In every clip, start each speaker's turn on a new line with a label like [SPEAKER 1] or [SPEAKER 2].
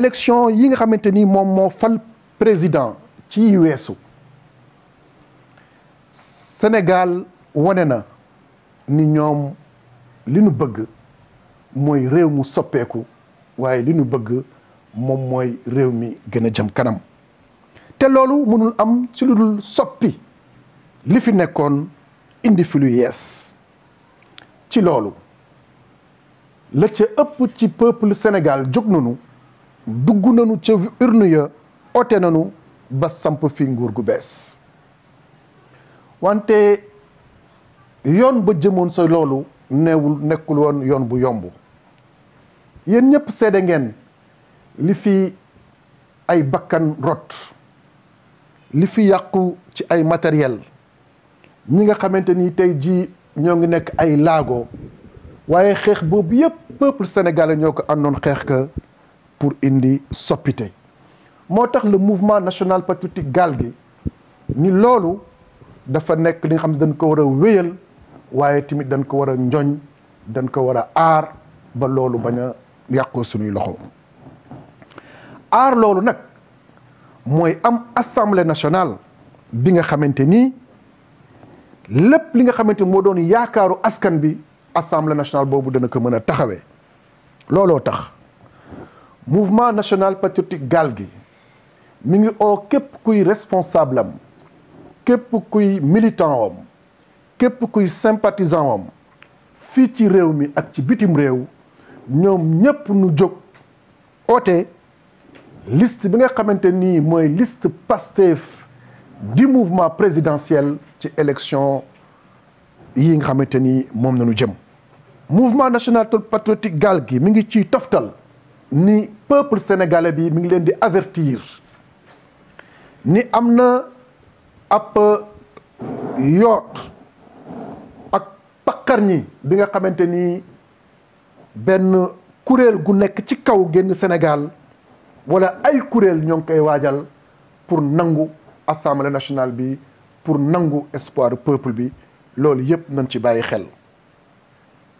[SPEAKER 1] élection yi nga xamante ni moom moo fal président ci yi weesu Sénégal wane na ni ñoom li nu bëgg mooy réew mu soppeeku waaye li nu bëgg moom mooy réew mi gën a jëm kanam te loolu mënul am ci lu dul soppi li fi nekkoon indi fi lu yees ci loolu la ca ëpp ci peuple Sénégal jóg nanu dugg nañu ca urne ya ote nañu ba samp fi nguur gu bees wante yoon ba jëmoon sa loolu neewul nekkul woon yoon bu yomb yéen ñëpp seede ngeen li fi ay bakkan rot li fi yàqu ci ay matériel ñi nga xamante ni tey ji ñoo ngi nekk ay laago waaye xeex boobu yëpp peuple sénégalais ñoo ko àndoon xeex ka pour indi soppite moo tax la mouvement national patriotique gaal gi ni loolu dafa nekk li nga xam ne dañ ko war a wéyal waaye tamit dañ ko war a njoñ dañ ko war a aar ba loolu bañ a yàqoo suñuy loxo aar loolu nag mooy am assemblée national bi nga xamante ni lépp li nga xamante ni moo doon yaakaaru askan bi assemblée nationale boobu dana ko mën a taxawee looloo tax mouvement national patriotique gaal gi mi ngi oo képp kuy responsablem képp kuy militant am képp kuy sympathisant am fii ci réew mi ak ci bitim réew ñoom ñépp nu jóg oote list bi nga xamante nii mooy liste Pastef du mouvement présidentiel ci élection yi nga xamante ni moom nañu jëm mouvement national patriotique gaal gi mi ngi ciy toftal ni peuple sénégalais bi mi ngi leen di avertir ni am na ab euh, yoot ak pakkar ñi bi nga xamante ni benn kuréel gu nekk ci kaw génn Sénégal wala ay kuréel ñoo ngi koy waajal pour nangu assemblée nationale bi pour nangu espoir peuple bi loolu yëpp nañ ci bàyyi xel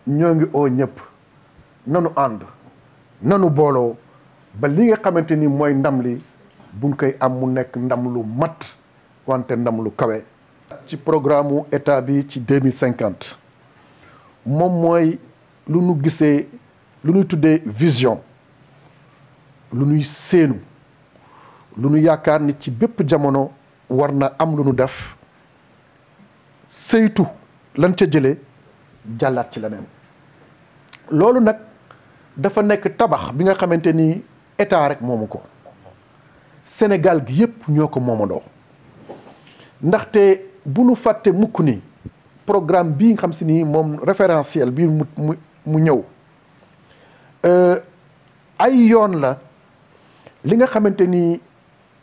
[SPEAKER 1] ñoo ngi oo ñëpp nanu ànd nanu booloo ba li nga xamante ni mooy ndam li buñ koy am mu nekk ndam lu mat wante ndam lu kawe. ci programme mu état bi ci deux mille moom mooy lu nu gisee lu ñuy tuddee vision lu ñuy séenu lu ñu yaakaar ni ci bépp jamono war na am lu nu def saytu lan ca jëlee jàllaat ci leneen loolu nag. dafa nekk tabax bi nga xamante ni état rek moomu ko Sénégal gi yépp ñoo ko moomandoo ndaxte bu nu fàtte mukk ni programme bi nga xam si ni moom référentiel bi mu mu mu ñëw euh, ay yoon la li nga xamante ni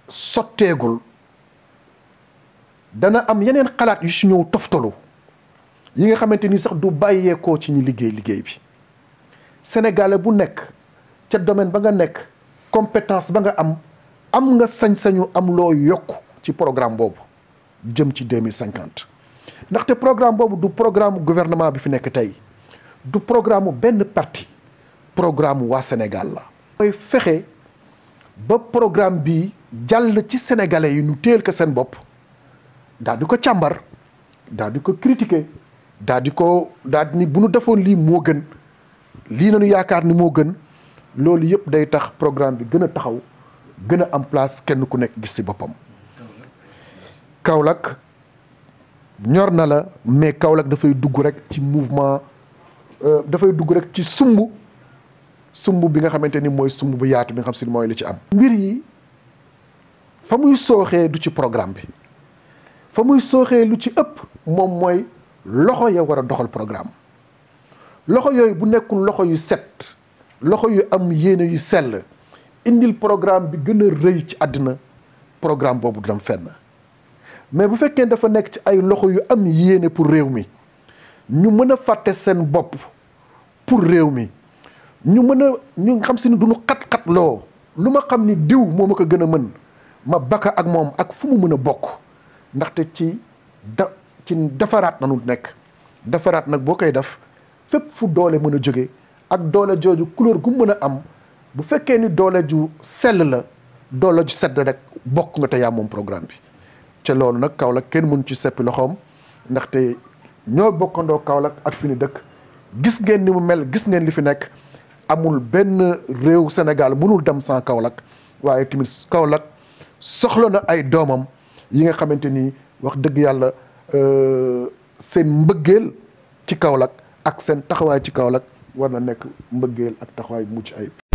[SPEAKER 1] sotteegul dana am yeneen xalaat yu si ñëw toftalu yi nga xamante ni sax du bàyyeekoo ci ñi liggéey liggéey bi sénégalais bu nekk ca domaine ba nga nekk compétence ba nga am am nga sañ-sañu am loo yokk ci programme boobu jëm ci deux mille cinquante ndaxte programme boobu du programme gouvernement bi fi nekk tey du programme benn partie programme waa Sénégal la. mooy fexe ba programme bi jàll ci sénégalais yi ñu téel ko seen bopp daal di ko càmbar daal di ko critiquer daal di ko daal ni bu nu defoon lii moo gën. lii nañu yaakaar ni moo gën loolu yëpp day tax programme bi gën a taxaw gën a am place kenn ku nekk gis ci boppam Kaolack ñor na la mais Kaolack dafay dugg rek ci mouvement euh, dafay dugg rek ci sumb sumb bi nga xamante ni mooy sumb bu yaatu bi nga xam si mooy lu ci am mbir yi fa muy sooxee du ci programme bi fa muy sooxee lu ci ëpp moom mooy loxo ya war a doxal programme loxo yooyu bu nekkul loxo yu set loxo yu am yéene yu sell indil programme bi gën a rëy ci àddina programme boobu du dem fenn mais bu fekkee dafa nekk ci ay loxo yu am yéene pour réew mi ñu mën a fàtte seen bopp pour réew mi ñu mën a ñu xam si ne duñu xat-xat loo lu ma xam ni diw moom ma ko gën a mën ma bakka ak moom ak fu mu mën a bokk ndaxte ci da ci defaraat nanu nekk defaraat nag boo koy def fépp fu doole mën a jóge ak doole jooju couleur gu mën a am bu fekkee ni doole ju sell la doole ju sedd rek bokk nga te yaa moom programme bi ca loolu nag Kaolack kenn mënu ci seppi loxoom ndaxte ñoo bokkandoo Kaolack ak fi ñu dëkk gis ngeen ni mu mel gis ngeen li fi nekk amul benn réew Sénégal mënul dem sans Kaolack waaye tamit Kaolack soxla na ay doomam yi nga xamante ni wax dëgg yàlla euh, seen mbëggeel ci Kaolack ak seen taxawaay ci Kaolack war na nekk mbëggeel ak taxawaay bu mucc ayib.